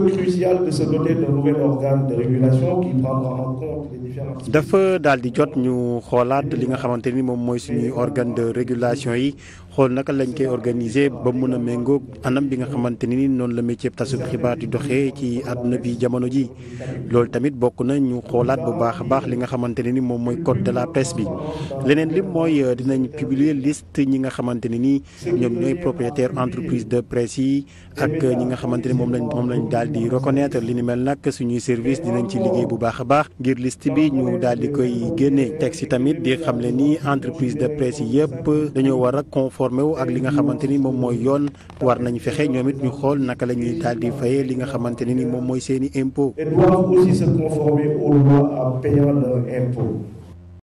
crucial de se doter d'un nouvel organe de dafa daal di jot ñu xoolaat li nga xamante ni moom mooy suñuy organe de régulation yi xool naka lañ koy organiser ba mun a méngóog anam bi nga xamante ni noonu la métier tasub xibaar di doxe ci àdduna bi jamono ji loolu tamit bokk na ñu xoolaat bu baax a baax li nga xamante ne ni moom mooy code de la presse bi leneen li mooy euh, dinañ publier liste ñi nga xamante ne ni ñoom ñooy propriétaire entreprise de presse yi ak euh, ñi nga xamante ni moom lañ moom daal di reconnaître li ni mel nag suñuy service dinañ ci liggéey bu baax a baax ngir liste bi ñu daal di koy génne teg si tamit di xam le ni entreprise de presse yi yëpp dañoo war a conformé wu ak li nga xamante ni moom mooy yoon war nañu fexe ñoom it ñu xool naka la ñuy daal di fayee li nga xamante ne ni moom mooy seen i impôt.